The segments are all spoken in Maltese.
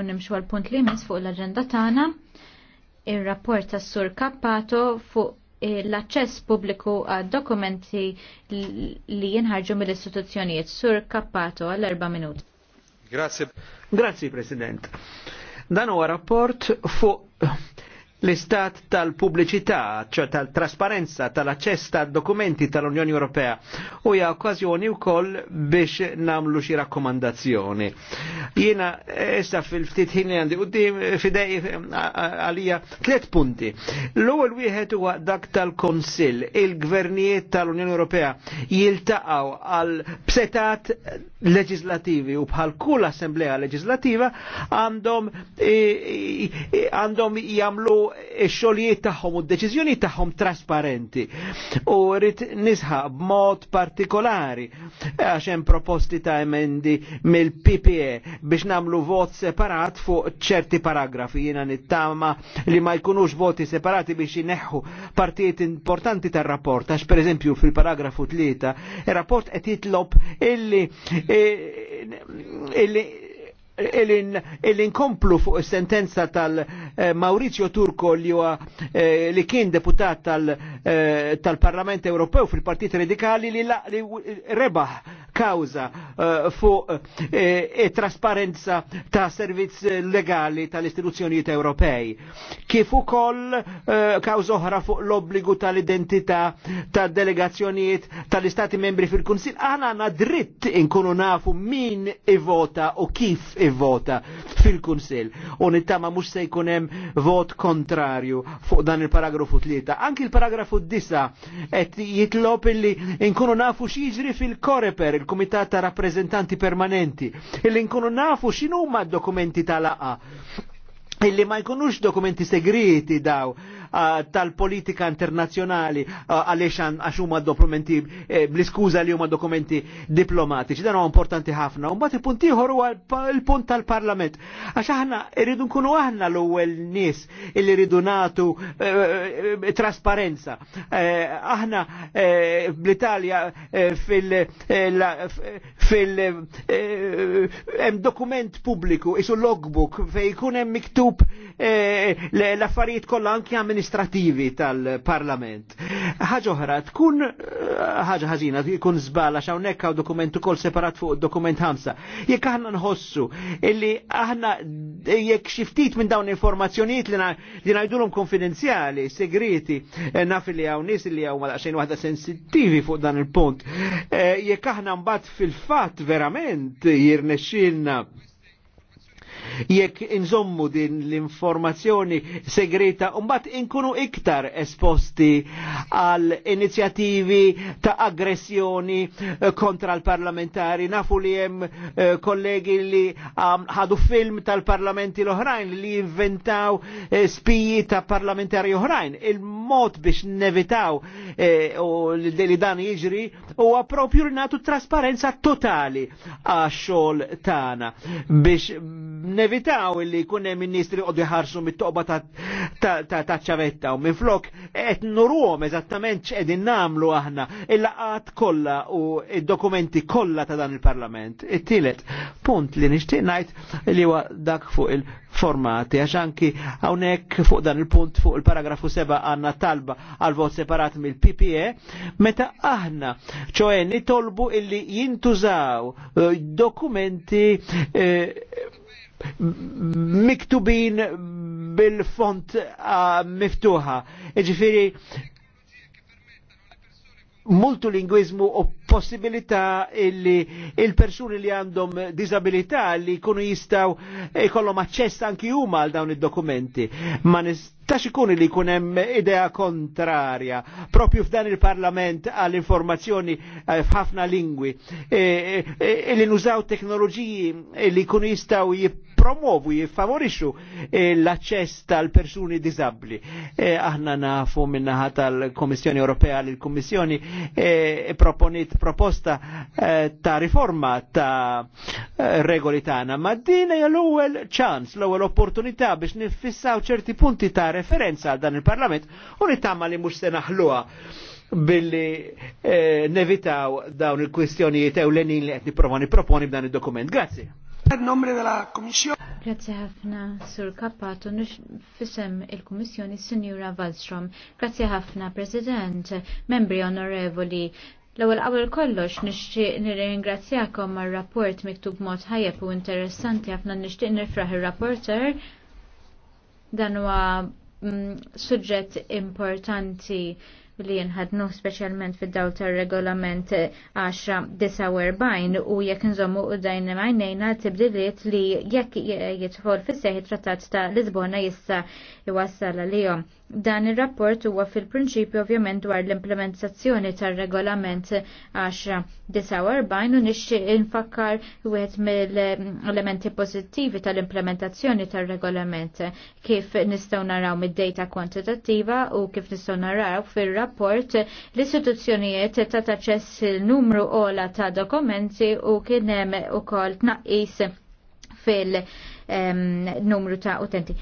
Nimxu għal punt li mis fuq l-agenda tagħna ir-rapport tas Sur Kappato fuq eh, l-aċċess pubbliku għad dokumenti li jinħarġu mill-istituzzjonijiet. Sur Kappato għal erba' minut. Grazie. Grazie President. Dan huwa rapport fuq l-istat tal-pubbliċità, ċo tal-trasparenza, tal-aċċess tal-dokumenti tal-Unjoni Ewropea u hija okkażjoni wkoll biex namlu xi rakkomandazzjoni. Jiena issa fil-ftit ħin li għandi qudiem fidej għalija tliet punti. L-ewwel wieħed huwa dak tal-Konsill, il-gvernijiet tal-Unjoni Ewropea jiltaqgħu għal psetat leġislativi u bħal kull assemblea leġislativa għandhom għandhom jagħmlu x-xogħlijiet tagħhom u d-deċiżjonijiet tagħhom trasparenti. U rrid nisħaq b'mod partikolari eh, għax hemm proposti ta' emendi mill-PPE biex nagħmlu vot separat fuq ċerti paragrafi jiena nittama li ma jkunux voti separati biex ineħħu partijiet importanti tar-rapport għax pereżempju fil-paragrafu tlieta ir-rapport qed jitlob illi eh, illi il-inkomplu fuq sentenza tal-Maurizio eh, Turco li huwa eh, li kien deputat eh, tal-Parlament Ewropew fil-Partit Radikali li li rebaħ kawza fuq e trasparenza ta' servizz legali tal-istituzzjonijiet Ewropej. Kif ukoll kawza oħra fuq l-obbligu tal-identità tad-delegazzjonijiet tal-Istati membri fil-Kunsil, għana għandna dritt inkunu nafu min ivota u kif ivota tivvota fil-Kunsill u nittama mhux se jkun hemm vot kontrarju fuq dan il-paragrafu tlieta. Anki il-paragrafu disa qed jitlop illi nkunu nafu x'jiġri fil-Koreper, il-Kumitat ta' Rappresentanti Permanenti, illi nkunu nafu x'inhuma d-dokumenti tal-aqa illi ma jkunux dokumenti segreti daw Eh, tal-politika internazzjonali eh, għaliex għax huma dokumenti eh, bl-iskuża li huma dokumenti diplomatiċi. Dan huwa importanti ħafna. U mbagħad il-punt ieħor huwa l punt tal-Parlament. Għax aħna rridu nkunu aħna l-ewwel nies li rridu nagħtu trasparenza. Aħna bl-Italja fil hemm dokument pubbliku isu logbook fej jkun hemm miktub l-affarijiet kollha anke amministrativi tal-Parlament. Ħaġa oħra, tkun eh, ħaġa ħażina, tkun żbala x'hawnhekk hawn dokument ukoll separat fuq dokument ħamsa. Jekk aħna nħossu illi aħna jekk xi ftit minn dawn informazzjonijiet li ngħidulhom konfidenzjali, segreti, eh, naf li hawn nies li huma xejn waħda sensittivi fuq dan il-punt. Eh, jekk aħna mbagħad fil-fatt verament jirnexxilna Jekk inżommu din l-informazzjoni segreta, umbat inkunu iktar esposti għal inizjativi ta' aggressjoni eh, kontra l-parlamentari. Nafu li jem eh, kollegi li ħadu film tal-parlamenti l-oħrajn li inventaw eh, spiji ta' parlamentari oħrajn. Il mod biex nevitaw eh, u li dan jiġri huwa għapropju li natu trasparenza totali għax-xogħol tagħna biex nevitaw li jkun hemm ministri u diħarsu mit-toqba ta' ċavetta u minn flok qed nurhom eżattament x'qegħdin nagħmlu aħna il-laqat kollha u id-dokumenti kollha ta' dan il-Parlament. It-tielet punt li nixtieq ngħid li huwa dak fuq il- formati, għax anki hawnhekk fuq dan il-punt fuq il-paragrafu 7 għandna talba għal vot separat mill ppe meta aħna ċoe nitolbu illi jintużaw eh, dokumenti eh, miktubin bil-font eh, miftuħa. Ġifiri, multilingwizmu u possibilità illi il-persuni li għandhom disabilità li kunu jistaw jkollhom eh, aċċess anki huma għal dawn id-dokumenti. Ma nistax ikun li jkun hemm idea kontrarja propju f'dan il-Parlament għall informazzjoni eh, f'ħafna lingwi eh, li nużaw teknoloġiji li kunu jistaw jippromovu, jiffavorixxu l access tal-persuni disabbli. Aħna nafu minnaħa tal-Komissjoni Ewropea li l-Kummissjoni proponit proposta eh, ta' riforma ta' eh, regoli tagħna, ma din hija l-ewwel ċans, l-ewwel opportunità biex niffissaw ċerti punti ta' referenza għal dan il-Parlament u nittama li mhux se naħluha billi eh, nevitaw dawn il-kwistjonijiet ewlenin li qed nipprova nipproponi b'dan id-dokument. Grazzi. Grazie ħafna, Sur Kappato, nux fisem il-Kommissjoni Sinjura Wallstrom. Grazie ħafna, President, membri onorevoli, L-ewwel qabel kollox nixtieq nirringrazzjakom mar-rapport miktub mod ħajjeb u interessanti ħafna nixtieq nifraħ ir-rapporter dan huwa mm, suġġett importanti li jenħadnu speċjalment fid-daw tar-regolament 1049 u jekk nżommu u dajn tibdiliet li jekk jidħol fis-seħi trattat ta' Lisbona jista' iwassal għalihom. Dan ir-rapport huwa fil-prinċipju ovvjament dwar l-implementazzjoni tar-regolament 1049 u nixtieq infakkar wieħed mill-elementi pożittivi tal-implementazzjoni tar-regolament kif nistgħu naraw mid-data kwantitattiva u kif nistgħu naraw fir-rapport l-istituzzjonijiet ta' taċċess il-numru ola ta' dokumenti u kien hemm ukoll tnaqqis fil-numru ta' utenti.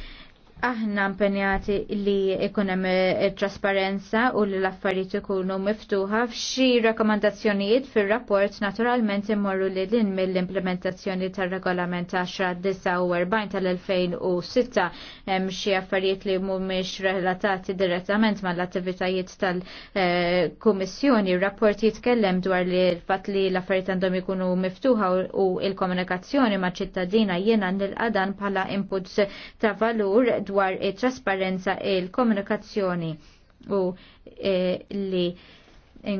Aħna mpenjati li ikunem eh, trasparenza u li l-affarijiet ikunu miftuħa f'xi rakkomandazzjonijiet fir-rapport naturalment immorru li din mill-implementazzjoni tar-regolament 1049 tal-2006 hemm xi affarijiet li mhumiex relatati direttament mal-attivitajiet tal-Kummissjoni. Eh, rapport jitkellem dwar li l-fatt li l-affarijiet għandhom ikunu miftuħa u l komunikazzjoni ma' ċittadina jiena nilqadan bħala inputs ta' valur dwar it-trasparenza e il-komunikazzjoni u eh, li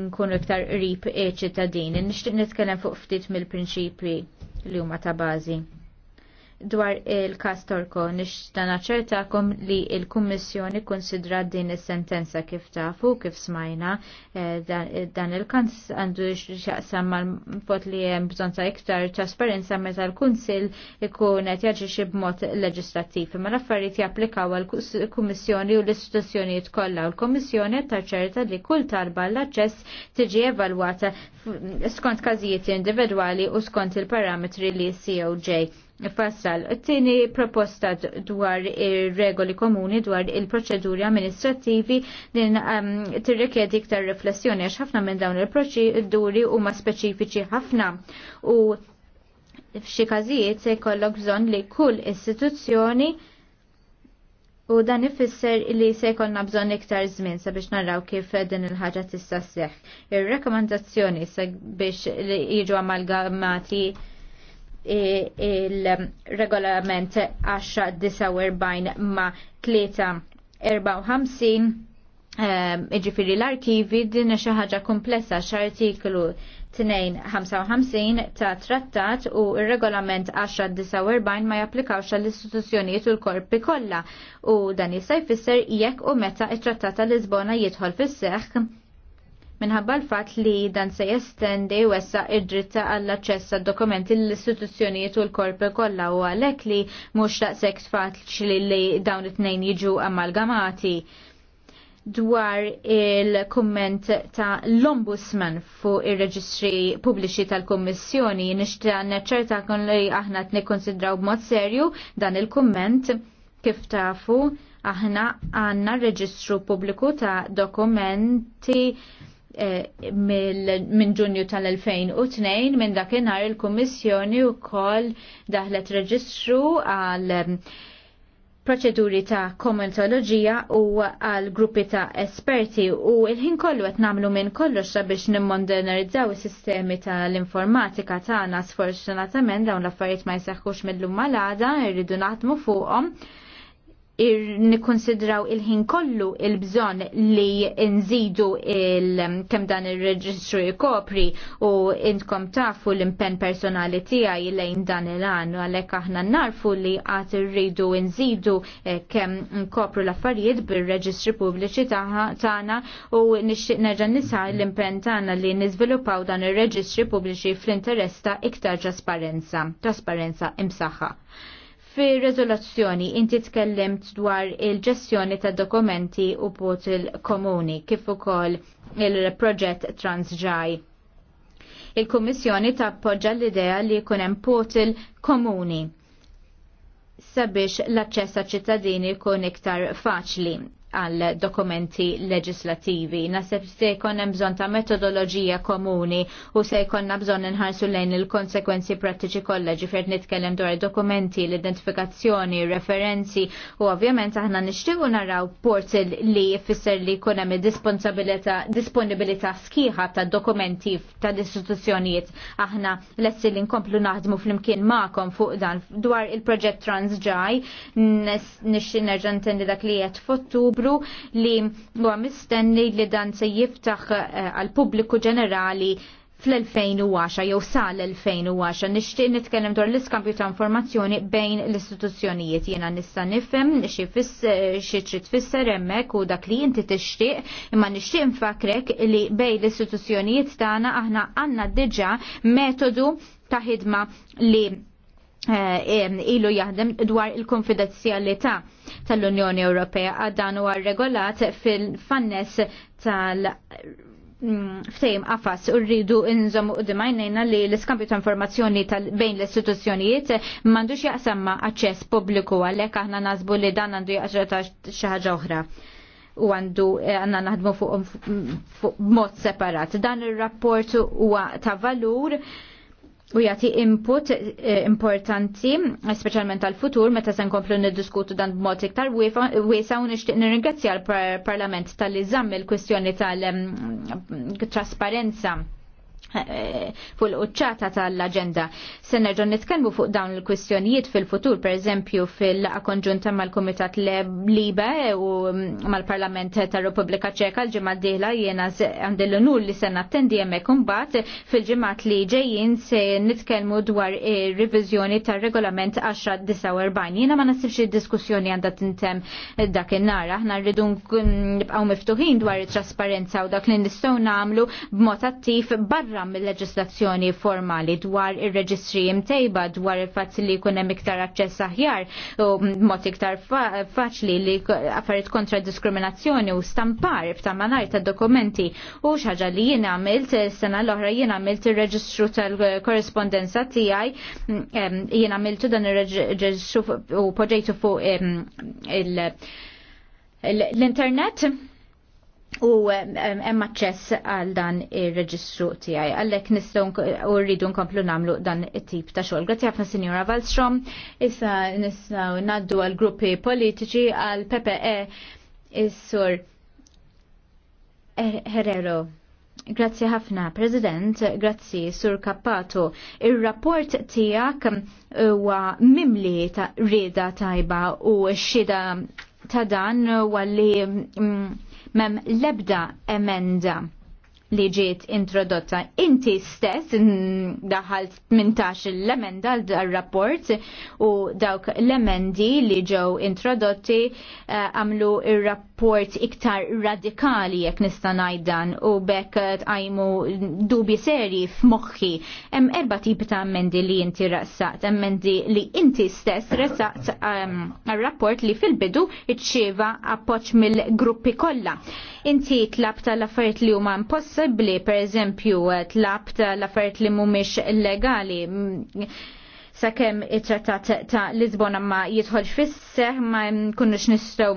nkunu iktar qrib eċ-ċittadini. Nixtieq nitkellem fuq ftit mill-prinċipji li huma ta' bażi dwar il-kas Torko nishtana ċertakom li il-Kummissjoni konsidra din is-sentenza kif tafu, kif smajna eh, dan il-kans għandu xaqsam mal-pot li hemm bżonn ta' iktar trasparenza meta l-Kunsill ikun qed jaġixi b'mod leġislattiv. Ma l-affarijiet japplikaw għall-Kummissjoni u l-istituzzjonijiet kollha u l-Kummissjoni taċerta li kull talba l-aċċess tiġi evalwata skont każijiet individwali u skont il-parametri li COJ fassal. Tini proposta dwar regoli komuni dwar il-proċeduri amministrativi din um, tirrikjedi iktar riflessjoni għax ħafna minn dawn il-proċeduri huma speċifiċi ħafna u f'xi każijiet se jkollok bżonn li kull istituzzjoni u dan ifisser li se jkollna bżonn iktar żmien sabiex narraw kif din il-ħaġa tista' seħħ. ir biex li jiġu amalgamati E, il-regolament 1049 ma 3-54 e, iġifiri l-arkivi din xi ħaġa komplessa x'artiklu 255 ta' trattat u il regolament 1049 ma japplikawx għall istituzzjonijiet u l-korpi kollha u dan jista' jfisser jekk u meta il trattat l lisbona jidħol fis-seħħ minħabba l-fat li dan se jestendi essa id-dritta għall-aċċess għad dokumenti l-istituzzjonijiet u l-korpi kollha u għalhekk li mhux daqshekk fat li dawn it-tnejn jiġu amalgamati dwar il-komment ta' l-Ombudsman fuq ir-reġistri pubbliċi tal-Kommissjoni nishtra neċerta kon li aħna t-nikonsidraw b'mod serju dan il-komment kif tafu aħna għanna reġistru pubbliku ta' dokumenti Eh, minn ġunju tal-2002 minn dakinhar il-Kummissjoni wkoll daħlet reġistru għal mm, proċeduri ta' komentoloġija u għal gruppi ta' esperti u il-ħin kollu qed nagħmlu minn kollox sabiex nimmondenerizzaw is-sistemi tal-informatika tagħna sfortunatament dawn l-affarijiet ma jseħħux mill lumma mal-għada irridu naħdmu fuqhom nikkonsidraw il-ħin kollu il-bżon li nżidu il-kem dan il-reġistru jkopri u intkom tafu l-impen personali tiegħi lejn dan il-għan għalhekk aħna narfu li għad rridu nżidu eh, kem nkopru l-affarijiet bir-reġistri pubbliċi tagħna u nixtieq nerġa' nisa l-impen tagħna li nizvilupaw dan ir-reġistri pubbliċi fl-interess ta' iktar trasparenza, trasparenza imsaħħa. Fi rezoluzzjoni inti tkellimt dwar il-ġestjoni ta' dokumenti u bot il-komuni kif ukoll il-proġett Transġaj. Il-Kummissjoni tappoġġa l-idea li jkun hemm portal komuni sabiex l-aċċess għal ċittadini jkun iktar faċli għal dokumenti leġislativi. Naseb se jkonna bżon ta' metodologija komuni u se jkonna bżon nħarsu lejn il-konsekwenzi pratiċi kolla ġifier nitkellem dwar dokumenti, l-identifikazzjoni, referenzi u ovvjament aħna nixtiequ naraw porti li jfisser li jkun hemm disponibilità sħiħa ta' dokumenti ta' istituzzjonijiet. Aħna lessi li nkomplu naħdmu flimkien magħkom fuq dan dwar il-proġett Transġaj nixtieq nerġa' dak li qed fottu ottubru li huwa mistenni li dan se jiftaħ eh, għal pubbliku ġenerali fl-2010 jew sal-2010 nixtieq nitkellem dwar l-iskambju ta' informazzjoni bejn l-istituzzjonijiet jiena nista' nifhem xi trid tfisser hemmhekk u dak li inti tixtieq imma nixtieq nfakrek li bejn l-istituzzjonijiet tagħna aħna għandna diġà metodu ta' ħidma li Eh, ilu jaħdem dwar il-konfidenzjalità tal-Unjoni Ewropea dan huwa regolat fil-fannes tal- mm, ftejm qafas u rridu inżom u dimajnejna li l-iskampju ta' informazzjoni bejn l-istituzzjonijiet mandux jaqsamma' aċċess pubbliku għalhekk aħna nasbu li dan għandu jaqsra ta' xi ħaġa oħra u għandu eh, għanna naħdmu fuq mod separat. Dan ir rapport huwa ta' valur u jagħti input eh, importanti, speċjalment għal futur meta se nkomplu niddiskutu dan b'mod iktar wiesa u nixtieq nirringrazzja l-Parlament tal-li żamm il-kwistjoni tal-trasparenza. Mm, Eh, fuq l-qċata tal-agenda. ġon nitkellmu fuq dawn il-kwistjonijiet fil-futur, per eżempju fil-laqa konġunta mal-Kumitat Libe u mm, mal-Parlament tar repubblika Ċeka l-ġimgħa d-dieħla jiena għandi l-unur li se nattendi hemmhekk imbagħad fil-ġimgħat li ġejjin se nitkellmu dwar ir-riviżjoni tar-regolament 1049. Jiena ma nasibx id-diskussjoni għandha tintem dak in-nar. Aħna rridu nibqgħu miftuħin dwar it-trasparenza u dak li nistgħu nagħmlu b'mod attiv barra barra mill-leġislazzjoni formali dwar ir-reġistri imtejba dwar il-fatt li jkun hemm iktar aċċess aħjar u mod iktar faċli li affarijiet kontra diskriminazzjoni u stampar ta' manar ta' dokumenti u xaġa li jien għamilt sena l-oħra jien għamilt ir-reġistru tal-korrespondenza tiegħi jien għamiltu dan ir-reġistru u poġġejtu fuq il- l-internet u hemm aċċess għal dan ir-reġistru tiegħi. Għalhekk nistgħu u rridu nkomplu nagħmlu dan it-tip ta' xogħol. Grazzi ħafna Sinjora Valstrom, issa nistgħu ngħaddu għal gruppi politiċi għal PPE is-sur Herrero. Grazzi ħafna, President, grazzi Sur Kappato. Il-rapport tijak huwa mimli ta' rida tajba u xida ta' dan u għalli mm, mem lebda emenda li ġiet introdotta. Inti stess daħal 18 l-emenda għal-rapport u dawk l-emendi li ġew introdotti eh, għamlu uh, il-rapport iktar radikali jek nistanaj dan u bekk għajmu eh, dubi seri f'moħħi. Hemm erba tipi ta' emendi li inti rassat, emendi li inti stess rassat ehm, għal-rapport um, li fil-bidu iċċieva appoċ mill-gruppi kollha. Inti tlab tal-affarijiet li huma impossa possibbli, pereżempju tlab l-affarijiet li mhumiex legali mm, sakemm it-trattat ta' Lisbona ma jidħolx fis-seħ ma nkunux nistgħu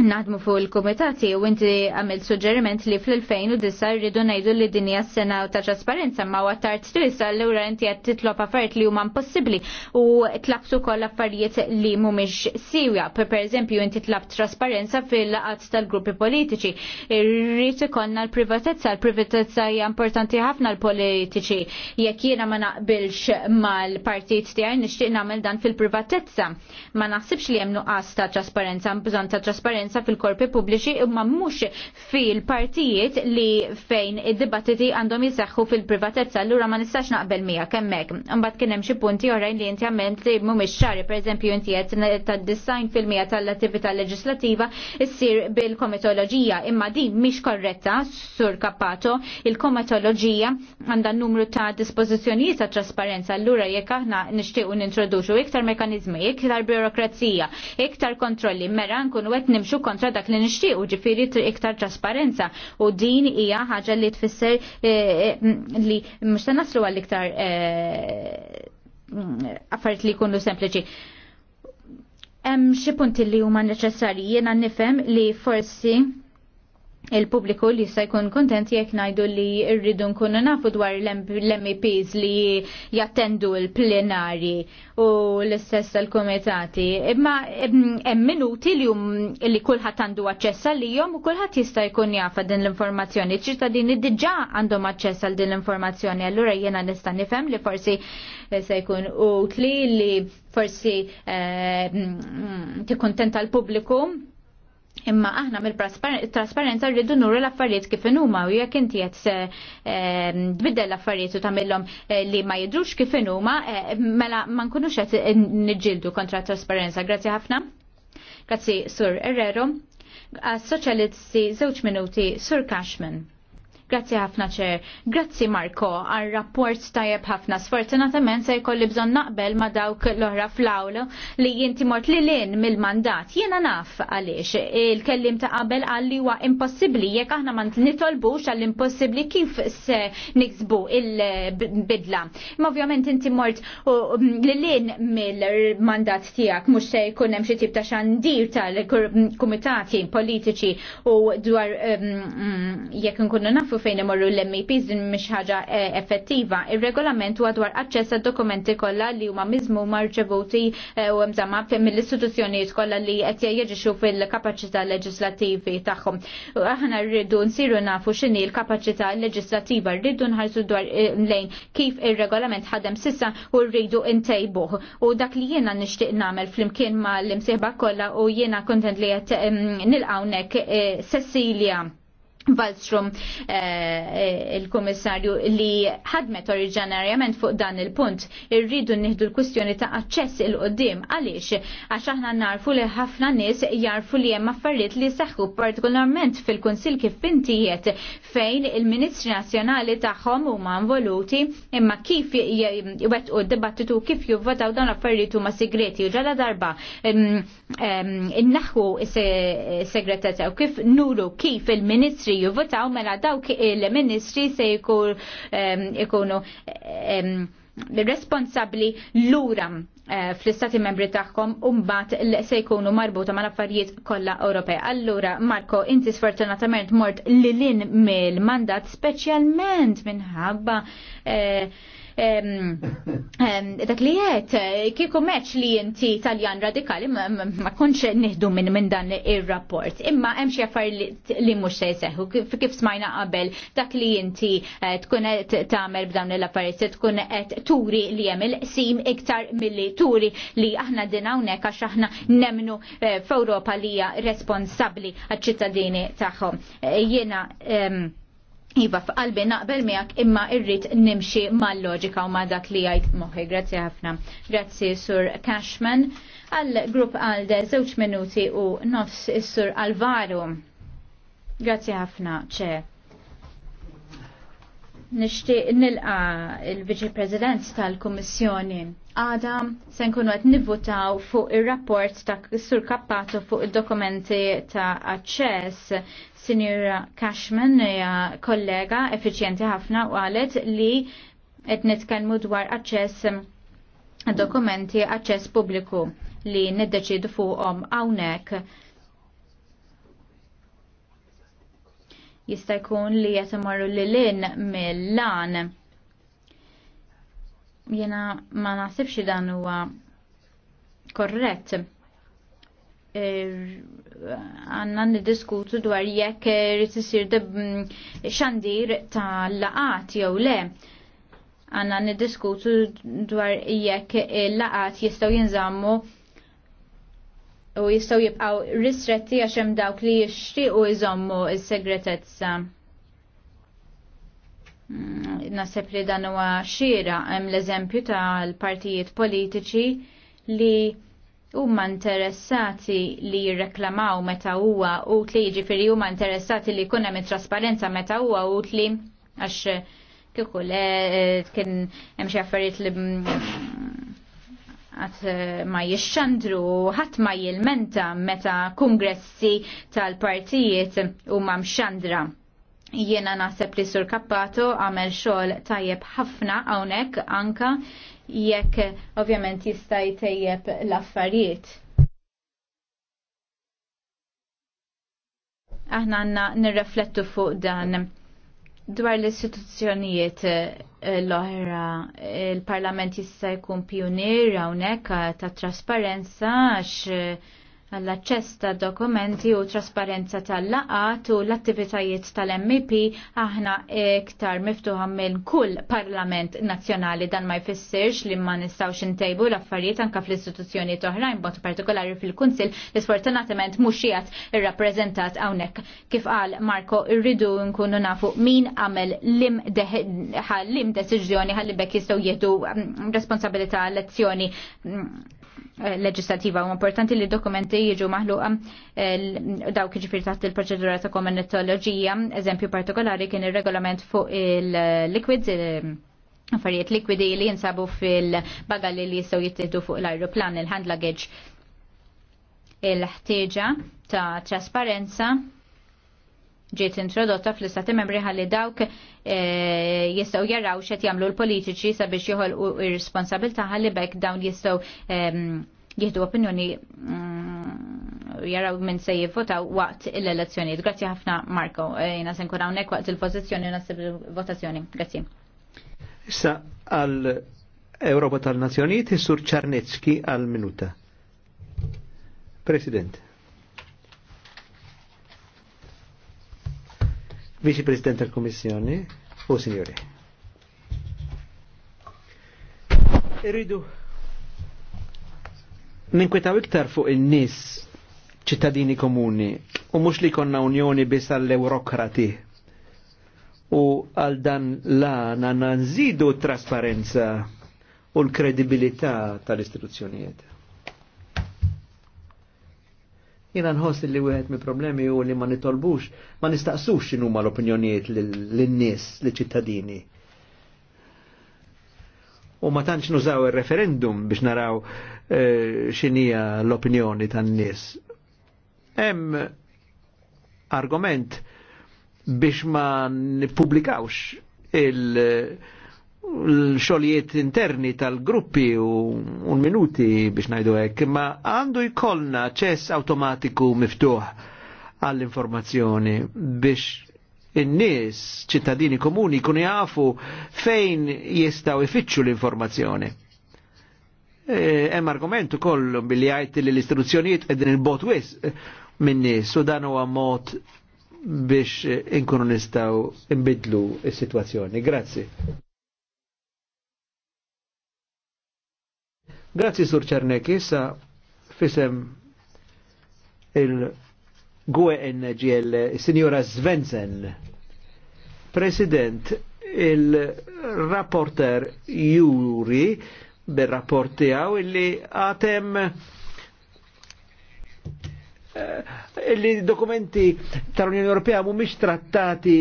naħdmu fuq il-komitati u inti għamil suġġeriment li fl-2009 rridu ngħidu li dinja s-sena ta' trasparenza ma' għattart trisa l-ura inti għed titlob affarijiet li huma impossibbli u tlabtu koll affarijiet li mhumiex siwja. Per eżempju inti tlab trasparenza fil-laqat tal-gruppi politiċi. Irrid ikollna l-privatezza, l-privatezza hija importanti ħafna l-politiċi. Jekk jiena ma naqbilx mal-partit tiegħi nixtieq nagħmel dan fil-privatezza. Ma naħsibx li hemm għasta ta' trasparenza, bżonn ta' trasparenza differenza fil-korpi pubbliċi imma mhux fil-partijiet li fejn id-dibattiti għandhom jiseħħu fil-privatezza allura ma nistax naqbel miha kemmek. Imbagħad kien hemm xi punti oħrajn li inti għamilt li mhumiex xari, pereżempju inti qed tad-design fil-mija tal-attività leġislattiva issir bil-komitoloġija imma din mhix korretta sur kapato il-komitoloġija għandha numru ta' dispożizzjonijiet ta' trasparenza allura jekk aħna nixtiequ nintroduċu iktar mekanizmi, iktar birokrazija, iktar kontrolli, mera nkunu qed nimxu nimxu kontra dak li nixtiequ ġifieri iktar trasparenza u din hija ħaġa li tfisser eh, eh, li mhux se naslu għall iktar eh, affarijiet li jkunu sempliċi. Hemm xi punti li huma neċessarji jiena nifhem li forsi il-pubbliku li jista' jkun kontent jekk ngħidu li rridu nkunu nafu dwar l-MEPs li jattendu l-plenari u l-istess tal-komitati. Imma hemm minuti li hum li kulħadd għandu aċċess għalihom u kulħadd jista' jkun jafa din l-informazzjoni. ċittadini diġà għandhom aċċess għal din l-informazzjoni, allura jiena nista' nifhem li forsi eh, se jkun utli li forsi eh, mm, mm, tikkuntenta l-pubbliku Imma aħna mill-trasparenza rridu nuru l-affarijiet kif inhuma u jekk inti qed ehm, tbiddel l-affarijiet u tagħmilhom eh, li ma jidrux kif inhuma eh, mela ma nkunux qed niġġieldu kontra trasparenza. Grazzi ħafna. Grazzi Sur Herrero. Għas-soċjalisti żewġ minuti Sur Cashman. Grazzi ħafna ċer. Grazzi Marko, għal rapport tajjeb ħafna. Sfortunatament se jkolli bżon naqbel ma dawk l-oħra fl-awla li jinti mort li lin mill-mandat. Jena naf għaliex. Il-kellim ta' qabel għalli huwa impossibli jekk aħna ma nitolbux għall-impossibli kif se niksbu il-bidla. Ma ovvjament inti mort um, li lin mill-mandat tiegħek mhux se jkun hemm xi tip ta' xandir tal-kumitati politiċi u dwar um, mm, jekk nkunu nafu fejn imorru l-MEPs din mhix ħaġa eh, effettiva. Ir-regolament huwa dwar aċċess għad-dokumenti kollha li huma miżmu rċevuti eh, u mżamma mill-istituzzjonijiet kollha li qed jeġixxu fil-kapaċità leġislattivi tagħhom. Aħna rridu nsiru nafu x'inhi l-kapaċità leġislattiva, rridu nħarsu dwar eh, lejn kif ir-regolament ħadem sissa u rridu intejbuh. U dak li jiena nixtieq nagħmel flimkien ma l-imsieħba kollha u jiena kontent li qed nilqgħu nilqawnek Cecilia. Valstrom eh, il-komissarju li ħadmet oriġinarjament fuq dan il-punt irridu nieħdu l-kwistjoni ta' aċċess il-qoddim għaliex għax aħna narfu li ħafna nies jarfu li hemm affarijiet li seħħu partikolarment fil-Kunsill kif intijiet fejn il-Ministri Nazzjonali tagħhom huma involuti imma kif jwettqu d-dibattitu kif jivvotaw dan affarijiet huma segreti u ġala darba innaħħu is-segretatja u kif nuru kif il-Ministri ministri jivvotaw mela dawk il-ministri se jkunu responsabli l-ura eh, fl-istati membri tagħhom u mbagħad se jkunu marbuta mal-affarijiet kollha Ewropej. Allura, Marko, inti sfortunatament mort lilin mill-mandat speċjalment minħabba eh, dak li jiet, kieku meċ li inti taljan radikali ma konċ nihdu minn minn dan il-rapport. Imma hemm xi affarijiet li mhux se jseħħu kif smajna qabel dak li inti eh, tkun qed tagħmel b'dawn l-affarijiet tkun qed turi li hemm il-qsim iktar milli turi li aħna din għax aħna nemnu eh, f'Ewropa li hija responsabbli għaċ-ċittadini tagħhom. Eh, jiena Iva, f'qalbi naqbel miegħek imma irrid nimxi mal-loġika u ma' dak li jgħid moħi. Grazzi ħafna. Grazzi Sur Cashman. Għal grupp għalde żewġ minuti u nofs is-Sur Alvaro. Grazzi ħafna, ċe. Nishtiq nilqa il-Viċi President tal-Kummissjoni. Għada se nkunu qed nivvutaw fuq ir-rapport ta' Sur Kappato fuq id-dokumenti ta' aċċess. Sinjura Cashman hija kollega effiċjenti ħafna u qalet li qed nitkellmu dwar aċċess dokumenti aċċess pubbliku li niddeċidu fuqhom hawnhekk jista' jkun li qed imorru lilin mill-lan. Jena ma naħsibx dan huwa korrett. Er, għanna niddiskutu dwar jekk rrid isir mm, xandir ta' laqat jew le. Għanna niddiskutu dwar jekk laqat jistgħu jinżammu u jistaw jibqaw ristretti għax hemm dawk li jixtiequ jżommu s-segretezza. Mm, Naseb li dan huwa xira hemm l-eżempju tal-partijiet politiċi li huma interessati li jirreklamaw meta huwa u li jiġifieri huma interessati li jkun hemm trasparenza meta huwa u li għax kieku eh, kien hemm xi affarijiet li mm, għat eh, ma jixxandru ħat ma jilmenta meta kongressi tal-partijiet u ma mxandra. Jiena naħseb li sur kappato għamel xogħol tajjeb ħafna hawnhekk anka jekk ovvjament jista' tajjeb l-affarijiet. Aħna għandna nirreflettu fuq dan Dwar l-istituzzjonijiet eh, l-oħra, il-Parlament jista' jkun pjunier hawnhekk ta' trasparenza għax eh, l aċċess ta' dokumenti u trasparenza tal-laqat u l-attivitajiet tal-MEP aħna iktar miftuħa minn kull parlament nazzjonali dan ma jfissirx li ma nistawx intejbu l-affarijiet anka fl-istituzzjoni toħrajn bot partikolari fil-Kunsil li sfortunatament muxijat ir rappresentat hawnhekk. Kif għal Marko irridu nkunu nafu min għamel lim deċiżjoni ħalli bekk jistgħu responsabilita mm, responsabilità azzjoni mm, leġislativa u importanti li dokumenti jiġu maħluqa eh, dawk ġifir taħt il-proċedura ta' komunitologija, Eżempju partikolari kien il-regolament fuq il-liquids, affarijiet likwidi li jinsabu fil-bagalli li jistaw jittieħdu fuq l-aeroplan, il-hand luggage, il-ħtieġa ta' trasparenza ġiet introdotta fl-istati membri ħalli dawk eh, jistgħu jaraw xed jagħmlu l-politiċi sabiex joħolqu ir responsabilità ħalli bekk dawn jistgħu ehm, jieħdu opinjoni mm, jaraw minn se jivvotaw waqt l-elezzjonijiet. Grazzi ħafna Marko, eh, jina se nkun hawnhekk waqt il-pożizzjoni u nasib il-votazzjoni. Grazzi. Issa għal Europa tal-Nazzjonijiet is-Sur Czarnecki għal minuta. President. Vice President tal-Komissjoni u Signori. Irridu ninkwetaw iktar fuq in-nies ċittadini komuni u mhux li konna unjoni biss għall-eurokrati. U għal dan l-għana nżidu t trasparenza u l-kredibilità tal-istituzzjonijiet. Jena nħoss li wieħed mi problemi u li ma nitolbux, ma nistaqsux xinu ma l-opinjonijiet lin-nies, l ċittadini U ma tantx nużaw il referendum biex naraw eh, x'inhija l-opinjoni tan-nies. Hemm argument biex ma nippubblikawx il- l-xolijiet interni tal-gruppi u un minuti biex najdu hekk, ma għandu jkollna ċess automatiku miftuħ għall-informazzjoni biex in-nies ċittadini komuni kun jafu fejn jistaw ifittxu l-informazzjoni. E, hemm argument argumentu billi jgħid li l-istituzzjonijiet qegħdin il-bot wis minn nies u dan huwa mod biex inkunu nistaw imbidlu is-sitwazzjoni. Grazzi. Grazzi Sur Ċernek, jissa fisem il-GUE NGL, Signora Svensen. President, il-rapporter Juri bil-rapport tijaw illi għatem eh, illi dokumenti tal-Unjoni Ewropea mhumiex trattati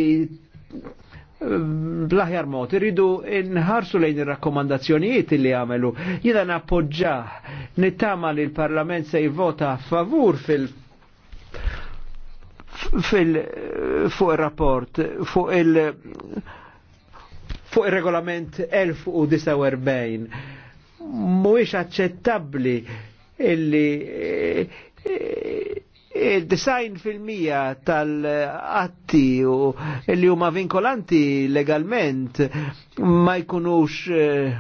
blaħjar mod, irridu nħarsu lejn ir-rakkomandazzjonijiet li għamelu. Jiena nappoġġah nittama li l-Parlament se jivvota favur fil- fil fuq il-rapport, fuq il- fuq il-regolament 1049. Mhuwiex aċċettabbli illi il design fil-mija tal-atti u li huma vinkolanti legalment ma jkunux eh,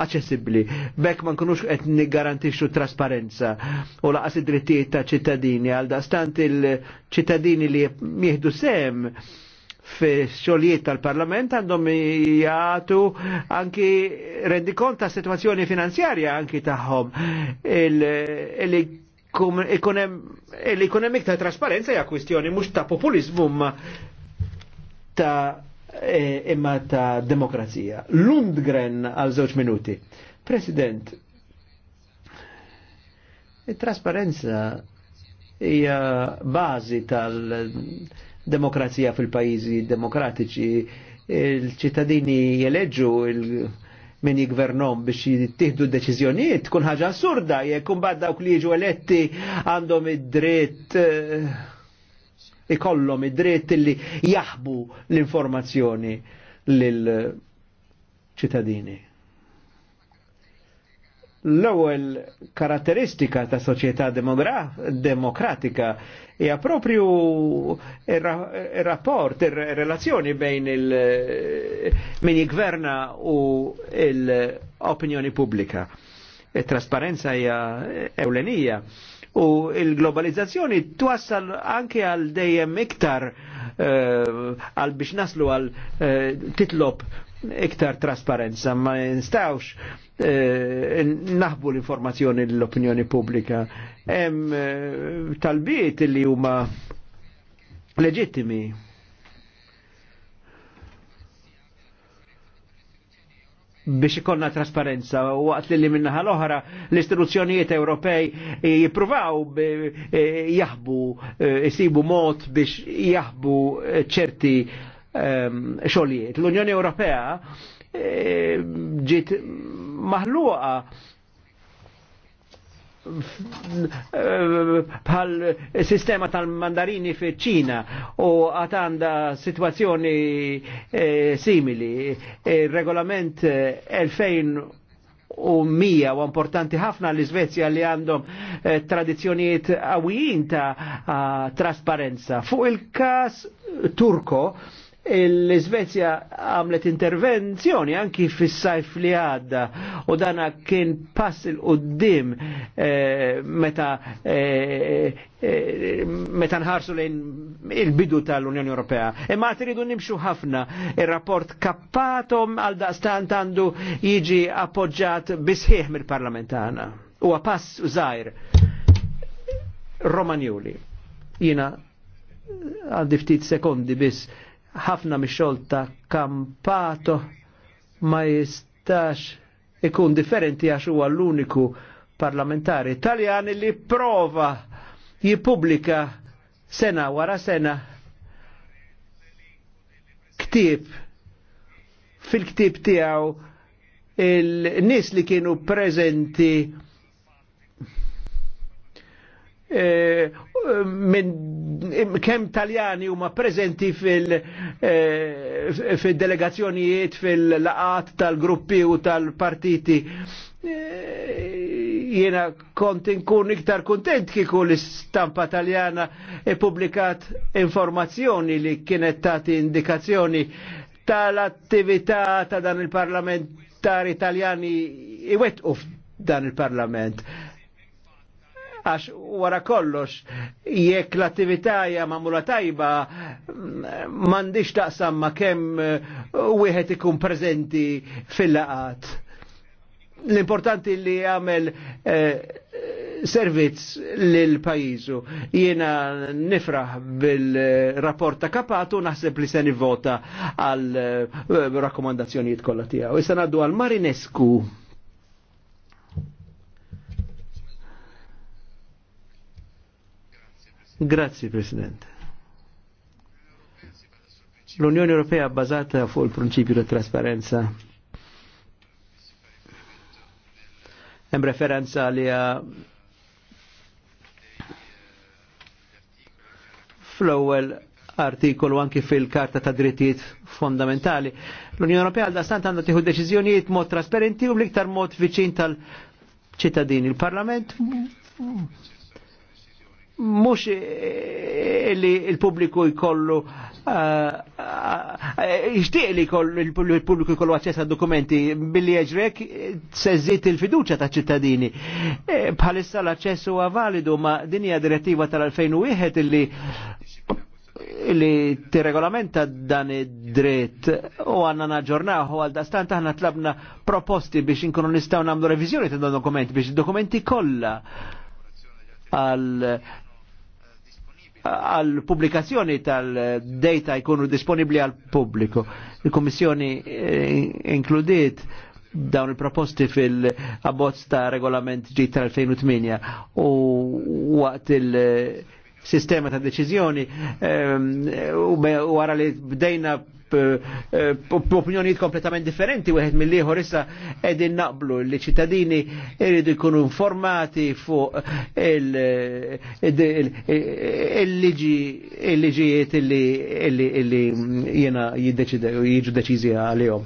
aċċessibbli. Bekk ma nkunux qed niggarantixxu trasparenza u laqas id-drittijiet ta' ċittadini għal stant il-ċittadini li jieħdu sem fi xogħlijiet tal-Parlament għandhom jagħtu anki rendikont ta' situazzjoni finanzjarja anki tagħhom. il l-ekonomi ta' trasparenza ja' kwestjoni mux ta' populizmu ma ta' e, imma ta' demokrazija. Lundgren għal żewġ minuti. President, il trasparenza hija bazi tal-demokrazija fil pajizi demokratiċi il-ċittadini jeleġu il-, -ċittadini min jigvernom biex jittihdu deċizjoniet, kun ħaġa assurda, jekk bad dawk li eletti għandhom id-dritt eh, ikollhom id-dritt li jaħbu l-informazzjoni lil ċittadini. L-ewwel karatteristika ta' soċjetà demokratika hija propju ir-rapport, ir-relazzjoni bejn il min jigverna u l-opinjoni pubblika. It-trasparenza e hija ewlenija u il-globalizzazzjoni twassal anke għal dejjem iktar eh, għal biex naslu għal eh, titlob iktar trasparenza ma nistawx Eh, naħbu l-informazzjoni l-opinjoni pubblika. Hemm eh, talbiet li huma leġittimi. biex ikonna trasparenza u għat li minnaħa l-oħra l-istituzzjonijiet Ewropej eh, jippruvaw jaħbu, jisibu mod biex jaħbu ċerti ehm, xogħlijiet. L-Unjoni Ewropea E, ġiet maħluqa bħal sistema tal-mandarini fi ċina u għatanda situazzjoni e, simili. Il-regolament e, eh, 2000 u mija u importanti ħafna l svezja li għandhom eh, tradizjonijiet għawijin ta' trasparenza. Fuq il-kas Turko, l-Svezja għamlet intervenzjoni anki fis-sajf li għadda u dana kien pass il-qoddim eh, meta eh, eh, meta nħarsu lejn il-bidu tal-Unjoni Ewropea. Imma e tridu nimxu ħafna ir-rapport kappatom għal daqstant għandu jiġi appoġġat bisħieħ mill-parlamentana. Huwa pass użajr. Romanjuli. Jina għandi ftit sekondi biss ħafna mixol ta' kampato ma jistax ikun differenti għax huwa l-uniku parlamentari Taljan li prova jippubblika sena wara sena ktib fil-ktib tiegħu il-nies li kienu prezenti. E, minn kemm taljani huma prezenti fil-delegazzjonijiet e, fil laqat tal-gruppi u tal-partiti. jena Jiena kont inkun iktar kontent kiku l-istampa taljana e publikat informazzjoni li kienet tagħti indikazzjoni tal-attività ta' dan il-parlamentari italjani iwettqu dan il-parlament għax wara kollox jekk l-attività hija magħmula tajba m'għandix taqsam ma kemm uh, wieħed ikun preżenti fil-laqat. L-importanti li jagħmel uh, servizz lil pajizu. Jiena nifraħ bil-rapport ta' kapatu naħseb li se nivvota għal uh, rakkomandazzjonijiet kollha tiegħu. Issa ngħaddu għal Marinescu. Grazzi, President. L-Unjoni è basata fuq il-prinċipju ta' trasparenza. Hemm referenza li eh, fl-ewwel artikolu anki fil-Karta ta' Drittijiet Fondamentali. L-Unjoni Ewropea għal dastant għandha tieħu deċiżjonijiet mod trasparenti e u l iktar mod viċin tal-ċittadini. Il-Parlament mux eh, li il-publiku jkollu eh, eh, jishtiq li il-publiku jkollu għacċess għad dokumenti billi jeġrek sezzit il-fiduċa ta' ċittadini. Bħalissa l-aċċess huwa validu ma' dinja direttiva tal-2001 illi li t-regolamenta dan id-dritt u għanna naġġornaħu għal dastan aħna tlabna proposti biex inkunu nistaw namlu revizjoni ta' dan dokumenti biex dokumenti kolla għal għal publikazzjoni tal-data jkunu disponibli għal pubbliku. il komissjoni eh, inkludiet dawn il-proposti fil-abbozz ta' regolament G tal-2008 u waqt il- sistema ta' deċizjoni ehm, u għara li bdejna Eh, eh, opinjonijiet kompletament differenti wieħed mill-ieħor issa qegħdin naqblu li ċittadini jridu jkunu informati fuq il-liġijiet illi jiena jiddeċidew jiġu deċiżi għalihom.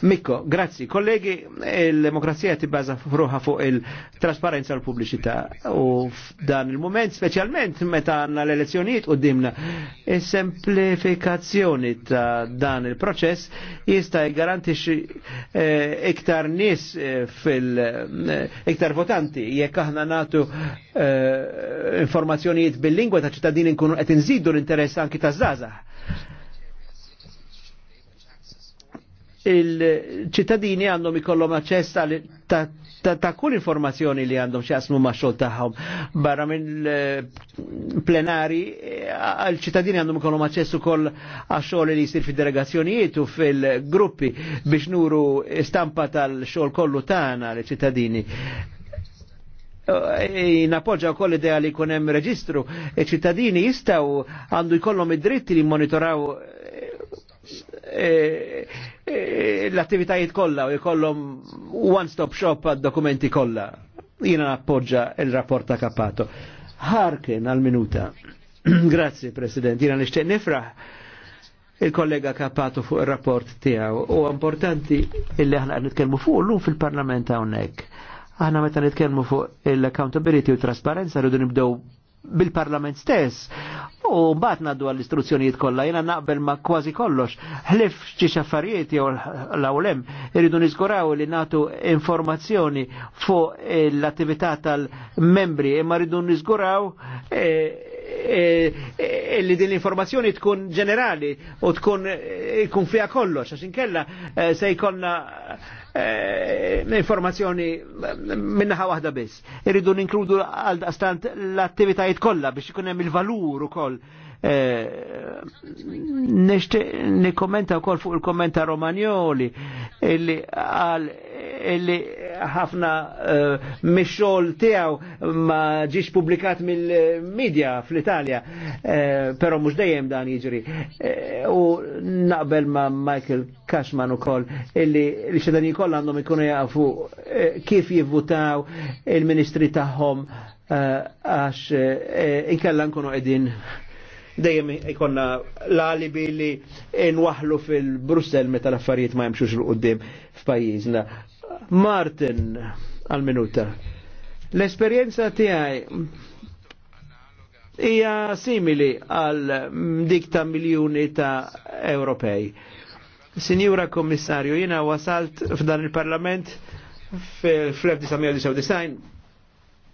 Mikko, grazzi. Kollegi, il-demokrazija tibbaza fruħa fuq il-trasparenza l pubbliċità u f'dan il-moment, specialment meta għanna l-elezzjonijiet u dimna, il-semplifikazzjoni ta' dan il-proċess jista' jgarantixi eh, iktar e nis eh, fil-iktar eh, votanti, jekk aħna natu e informazzjonijiet bil-lingwa ta' ċittadini nkunu qed inżidu l-interess anki ta' zazah il-ċittadini għandhom ikollhom aċċess ta', ta, ta kull informazzjoni li għandhom xjasmu max xogħol tagħhom. Barra mill-plenari għall ċittadini għandhom ikollhom aċċess ukoll għax-xogħol li jsir fid-delegazzjonijiet u fil-gruppi biex nuru stampa tal-xogħol kollu tagħna l-ċittadini e, napoġġa wkoll idea li jkun hemm reġistru, e, ċittadini jistgħu għandu jkollhom id-dritti li monitoraw E, e, l-attivitajiet kollha u jkollhom one-stop shop għad-dokumenti kollha. Jiena appoġġa il-rapport ta' Kapato. Harkin għal-minuta. Grazie, President. Jiena nixtieq nifraħ il-kollega Kapato fuq il-rapport tiegħu. U importanti illi aħna nitkellmu fuq llum fil-Parlament hawnhekk. Aħna meta nitkellmu fuq l-accountability u trasparenza rridu nibdew bil-parlament stess U mbagħad ngħaddu għall-istruzzjonijiet kollha jiena naqbel ma kważi kollox. Ħlif xi xaffarijiet jew l-awlem irridu niżguraw li nagħtu informazzjoni fuq l-attività tal-membri imma rridu niżguraw eh, E, e, li din l-informazzjoni tkun ġenerali u tkun e, ikun fija kollox, għax kella se jkollna informazzjoni minnaħa waħda biss. Irridu ninkludu għal-dastant l-attivitajiet kollha biex ikun hemm il-valur ukoll Eh, Nikkommenta wkoll fuq il-kommenta Romagnoli illi għal illi ħafna eh, mixol tijaw ma ġiex publikat mill-medja fl-Italja, eh, però mhux dejjem dan jiġri. U naqbel ma Michael Cashman ukoll illi li xedani kollha għandhom ikunu jafu kif jivvutaw il-ministri tagħhom għax inkella nkunu qegħdin dejjem ikonna l-alibi li nwaħlu fil-Brussel meta l-affarijiet ma jemxux l-qoddim f'pajjiżna. Martin, għal-minuta. L-esperienza tiegħi hija simili għal dik ta' miljuni ta' Ewropej. Sinjura Kommissarju, jina wasalt f'dan il-Parlament fil 1999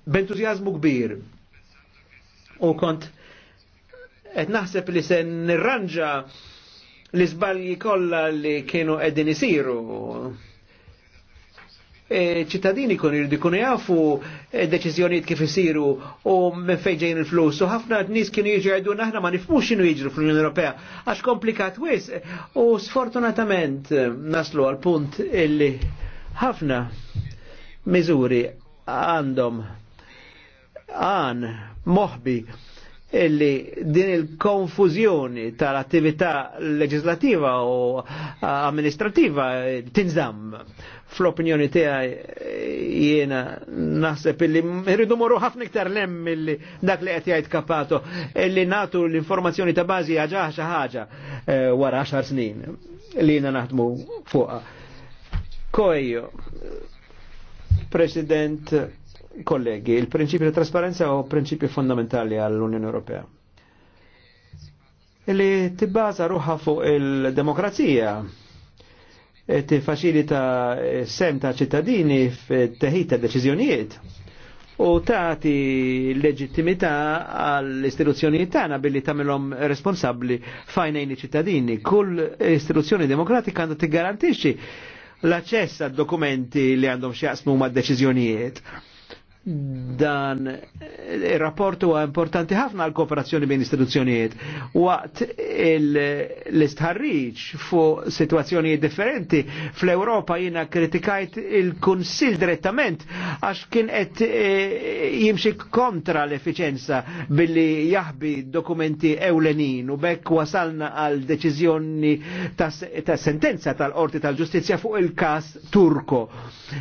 b'entużjażmu kbir u kont qed naħseb li se nirranġa l-iżbalji kollha li kienu qegħdin isiru. E, ċittadini kun irridu jkunu jafu e, deċiżjonijiet kif isiru u minn fejn il-flus u ħafna nies kienu jiġu għajdu aħna ma nifhmux xinu jiġru fl-Unjoni Ewropea għax komplikat wis u sfortunatament e, naslu għal punt illi ħafna miżuri għandhom għan moħbi illi din il-konfużjoni tal-attività leġislativa u amministrativa tinżam. fl-opinjoni tija jiena naħseb illi rridu morru ħafna iktar lemm milli dak li qed jgħid kapato illi natu l-informazzjoni ta' bażi ħaġa xi ħaġa e, wara 10 snin li jiena naħdmu fuqha. Kojo, President kollegi, il-prinċipju ta' trasparenza u prinċipju fondamentali għall-Unjoni Ewropea. Illi tibbaza ruħa fuq il-demokrazija, e tifaċilita sem ta' ċittadini f'teħid ta' deċizjonijiet u tagħti leġittimità għall-istituzzjonijiet tagħna billi tagħmilhom responsabbli fajnejn iċ-ċittadini. Kull istituzzjoni demokratika għandha tiggarantixxi l-aċċess għad dokumenti li għandhom xjaqsmu ma' deċiżjonijiet dan eh, il-rapport huwa importanti ħafna għal kooperazzjoni bejn istituzzjonijiet. Waqt l-istħarriġ fuq situazzjonijiet differenti fl-Ewropa jiena kritikajt il-Kunsill direttament għax kien qed eh, jimxi kontra l-efficienza billi jaħbi dokumenti ewlenin u bekk wasalna għal deċiżjoni ta' sentenza tal-Qorti tal-Ġustizzja fuq il-kas Turko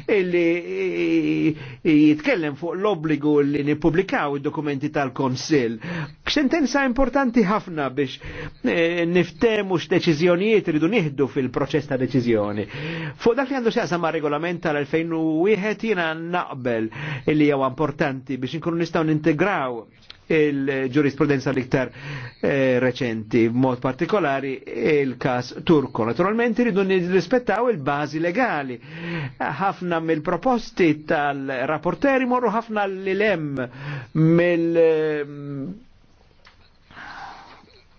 illi eh, jitkellem kien fuq l-obbligu li nippubblikaw id-dokumenti tal-Konsil. xentenza importanti ħafna biex eh, niftemu x x'deċiżjonijiet ridu nieħdu fil-proċess ta' deċiżjoni. Fuq dak li għandu xaqsa ma' regolament tal-2001 jiena naqbel li huwa importanti biex inkunu nistgħu nintegraw il-ġurisprudenza l-iktar eh, reċenti, mod partikolari il-kas turko. Naturalment rridu nirrispettaw il-bazi legali. Ħafna mill-proposti tal-rapporteri morru ħafna l-lem mill-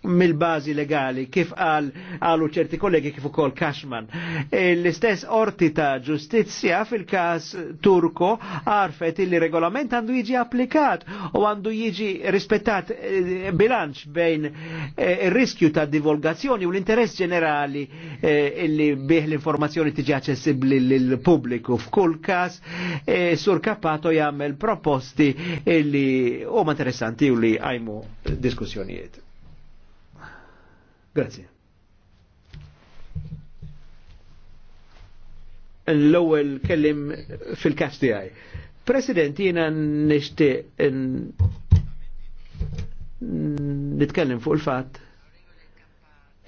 mill-bazi legali kif għal għalu ċerti kollegi kif ukoll Cashman. E, l-istess orti ta' ġustizja fil-kas Turko għarfet il regolament għandu jiġi applikat u għandu jiġi rispettat e, bilanċ bejn e, il-riskju ta' divulgazzjoni u l-interess ġenerali illi bih l-informazzjoni tiġi accessibli l-publiku. F'kull kas eh, sur kapato jagħmel proposti illi huma interessanti u li għajmu diskussjonijiet. Grazie. L-ewwel kellim fil-kaċ tiegħi. President, jiena nixtieq nitkellem fuq il-fatt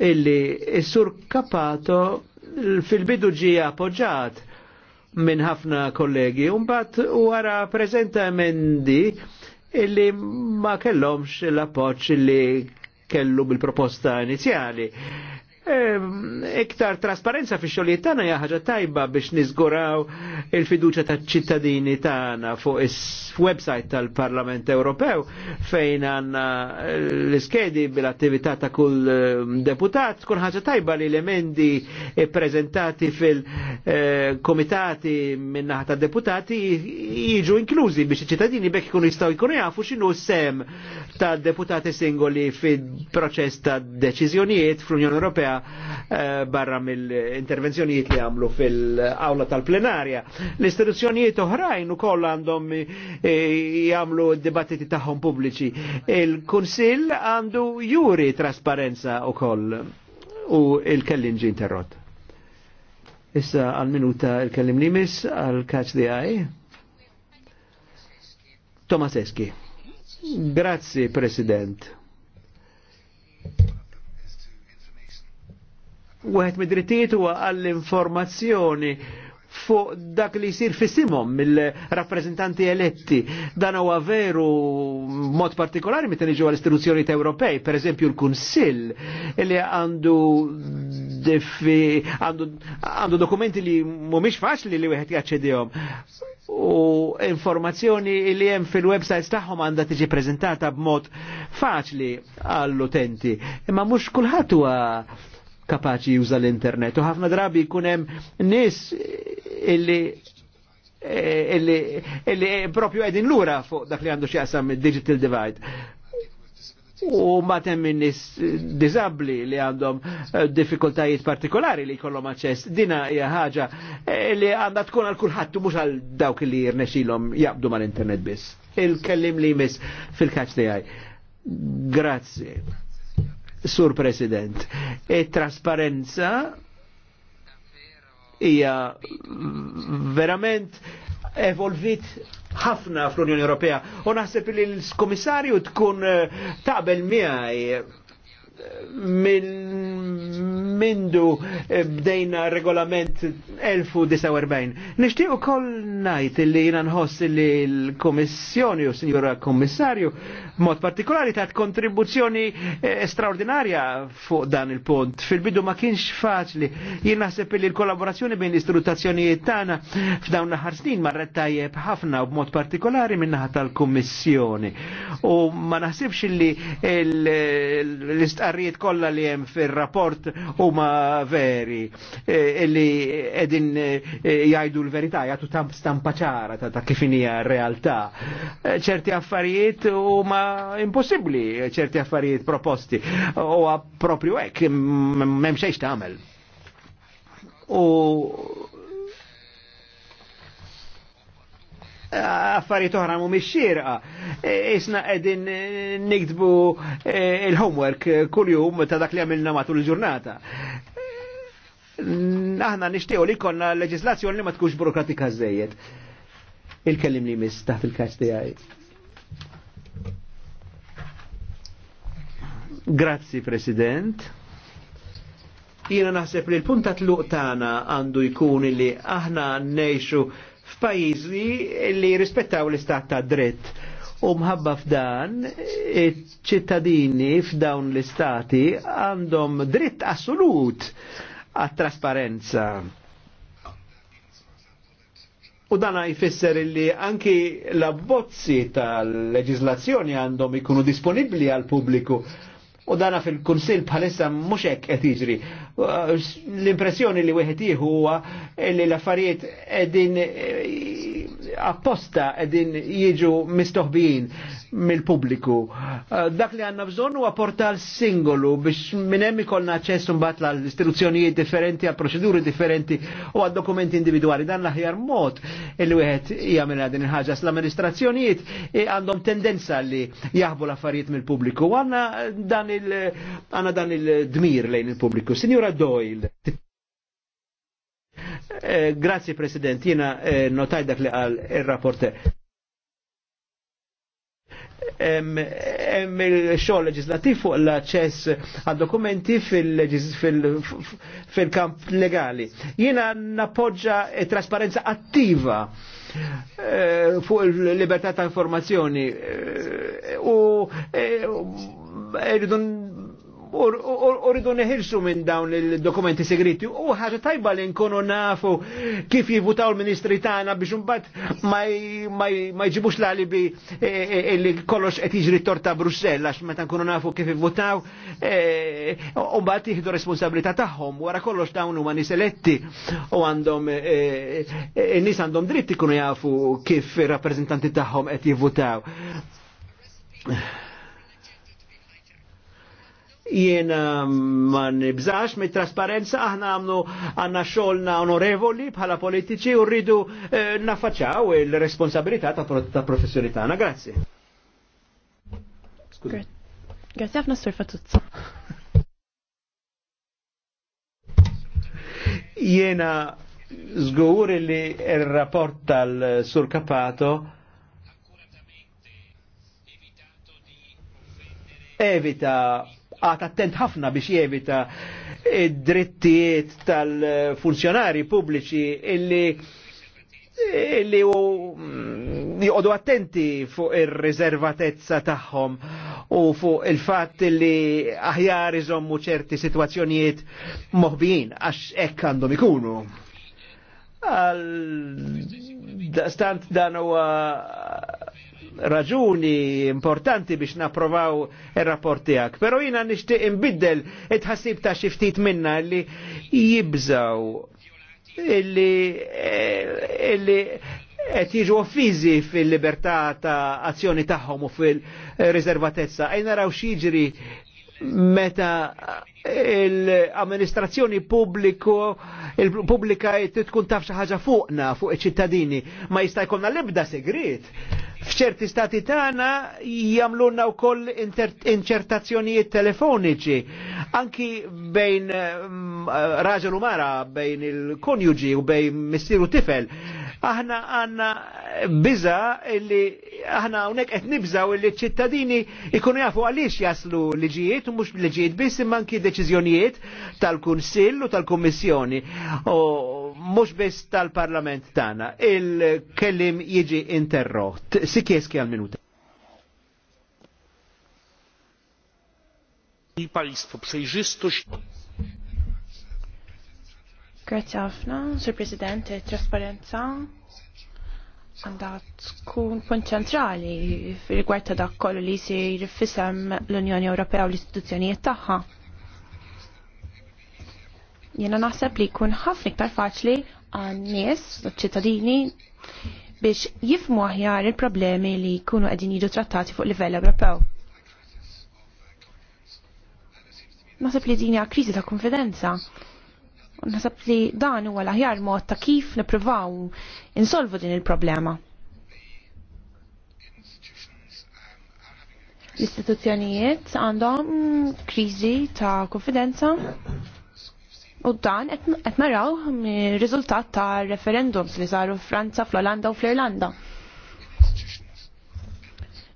illi s-sur Kapato fil-bidu ġi appoġġat minn ħafna kollegi, mbagħad wara prezenta emendi illi ma kellhomx l appoġġ illi kellu bil-proposta inizjali iktar trasparenza fi xogħlijiet tagħna hija ħaġa tajba biex niżguraw il-fiduċja taċ-ċittadini tagħna fuq is-website tal-Parlament Ewropew fejn għandna l-iskedi bil-attività ta' kull ehm, deputat tkun ħaġa tajba li l-emendi prezentati fil-komitati eh, e, minnaħa ta' deputati jiġu inklużi biex iċ-ċittadini bekk ikunu jistgħu jkunu jafu x'inhu sem ta' deputati singoli fil-proċess ta' deċiżjonijiet fl-Unjoni Ewropea Eh, barra mill-intervenzjonijiet li għamlu fil-awla tal-plenarja. L-istituzzjonijiet oħrajn koll għandhom eh, jgħamlu d-dibattiti taħħom pubbliċi. il kunsil għandu juri trasparenza u koll u il-kellim ġi interrott. Issa għal-minuta il-kellim li għal-kaċ di għaj. Tomaseski. Grazie, Presidente. Wieħed mid-drittijiet huwa għall-informazzjoni fuq dak li jisir fissimhom mill-rappreżentanti eletti. Dan huwa veru mod partikolari meta niġu għall istituzzjoni Ewropej, per eżempju l-Kunsill li għandu għandu dokumenti li mhumiex faċli li wieħed jaċċedihom u informazzjoni li hemm fil-websites tagħhom għandha tiġi preżentata b'mod faċli għall-utenti. Imma mhux kulħadd huwa kapaċi juża l-internet. U ħafna drabi jkun hemm illi illi, illi propju qegħdin lura fuq dak li għandu x'jaqsam digital divide. U ma temmin nis dizabli li għandhom eh, diffikultajiet partikolari li kollom aċċess. Dina hija ħaġa eh, li għandha tkun għal kulħadd mhux għal dawk li jirnexilhom jaqbdu mal-internet biss. Il-kellim li jmiss fil-kaċ tiegħi. Grazzi. Sur President. E trasparenza ija verament evolvit ħafna fl-Unjoni Ewropea u naħseb li l-Komissarju tkun eh, taqbel miegħi mindu bdejna regolament 1049. Nishtiq u koll najt li jina nħoss li l-Komissjoni u Signora Kommissarju mod partikolari ta' kontribuzzjoni eh, straordinarja fuq dan il-punt. Fil-bidu ma kienx faċli. Jien naħseb li l-kollaborazzjoni bejn l-istruttazzjonijiet tagħna f'dawn naħar snin marret tajjeb ħafna u b'mod partikolari minnaħat naħa tal komissjoni U ma naħsibx li l istruttazzjoni l-istqarrijiet kollha li hemm fir-rapport huma veri e, li qegħdin e, e, jgħidu l-verità jagħtu tam stampa ċara ta' ta' kif hija r-realtà. E, ċerti affarijiet huma impossibbli ċerti affarijiet proposti u proprju hekk m'hemm xejn tagħmel. affarijiet oħra mhumiex xirqa. E, isna qegħdin e, nikdbu e, il-homework kuljum ta' dak li għamilna matul il-ġurnata. Aħna nixtiequ li konna leġislazzjoni li ma tkunx burokratika żejjed. Il-kellim li mis taħt il-kaċ tiegħi. Grazzi, President. Jiena naħseb li l-punta tluq tagħna għandu jkun li aħna nejxu f'pajjiżi li rispettaw l-istat ta' dritt. U mħabba f'dan, ċittadini f'dawn l-istati għandhom dritt assolut għat-trasparenza. U dan jfisser li anki l-abbozzi tal leġislazzjoni għandhom ikunu disponibli għal pubbliku U dana fil-kunsil bħalissa mhux hekk qed jiġri. Uh, l-impressjoni li wieħed jieħu huwa li l-affarijiet qegħdin eh, apposta qegħdin jiġu mistoħbijin mill-pubbliku. Eh, dak li għanna bżonn huwa portal singolu biex minn hemm ikollna aċċess mbagħad l-istituzzjonijiet differenti għal proċeduri differenti u għal dokumenti individwali. Dan l-aħjar mod il wieħed jagħmel din il-ħaġa l-amministrazzjonijiet eh, għandhom tendenza li jaħbu l-affarijiet mill-pubbliku. Għanna dan il dan il-dmir lejn il publiku Signora Doyle. Eh, grazie President, jena notaj dak li għal il-rapporter hemm il-xogħol leġislattiv fuq l-aċċess għal dokumenti fil-kamp legali. Jiena nappoġġa trasparenza attiva eh, fuq il-libertà ta' informazzjoni eh, u eh, u rridu neħilsu minn dawn il-dokumenti segreti u ħaġa tajba li nkunu nafu kif jivutaw l-ministri tagħna biex imbagħad ma jġibux l-alibi e, e, e, li kollox qed jiġri torta Brussell għax meta nkunu nafu kif jivutaw u mbagħad jieħdu responsabilità tagħhom wara kollox dawn huma nies eletti u għandhom nies għandhom dritt ikunu jafu kif ir-rappreżentanti tagħhom qed jivutaw jiena ma nibżax mit trasparenza aħna għamlu għanna xolna onorevoli bħala politiċi u rridu eh, nafaċaw il-responsabilità ta', ta professjoni tagħna. Grazzi. Grazzi għafna s sorfa tutza. Jiena zgur li il-rapport tal-sur Kapato evita għat attent ħafna biex jevita id-drittijiet tal-funzjonari pubbliċi illi illi mm, joqodu attenti fuq ir reservatezza tagħhom u fuq il-fatt li aħjar iżommu ċerti situazzjonijiet moħbijin għax hekk għandhom ikunu. Għal stant dan huwa raġuni importanti biex napprovaw il-rapport tijak. Pero jina nishtiq imbiddel it-ħassib ta' xiftit minna li jibżaw illi eh, illi qed jiġu offiżi fil-libertà ta' azzjoni tagħhom u fil-riservatezza. Ej naraw jiġri meta l-amministrazzjoni pubbliku il-pubblika tkun taf xi ħaġa fuqna fuq iċ-ċittadini ma jista' jkollna l-ebda segret F'ċerti stati tagħna jagħmlulna wkoll inċertazzjonijiet telefoniċi anki bejn mm, raġel u mara, bejn il-konjuġi u bejn missieru tifel. Aħna għanna biza illi aħna hawnhekk qed nibżaw illi ċittadini ikunu jafu għaliex jaslu liġijiet u mhux liġijiet biss imma anki deċiżjonijiet tal-Kunsill u tal-Kummissjoni. U mhux biss tal-Parlament tagħna, il-kellim jiġi interrott. Sikjeski għal minuta. Grazie ħafna, Sir President, trasparenza għandha tkun punt ċentrali rigward ta' dak kollu li jsir fisem l-Unjoni Ewropea u l-istituzzjonijiet tagħha Jena naħseb li jkun ħafna iktar faċli għan nies, ċittadini, biex jifmu aħjar il-problemi li jkunu qegħdin jiġu trattati fuq livell Ewropew. Naħseb li din hija kriżi ta' konfidenza. Naħseb li dan huwa l-aħjar mod ta' kif nippruvaw insolvu din il-problema. l-istituzzjonijiet għandhom kriżi ta' konfidenza U dan qed naraw riżultat ta' referendums li saru f'Franza, fl-Olanda u fl-Irlanda.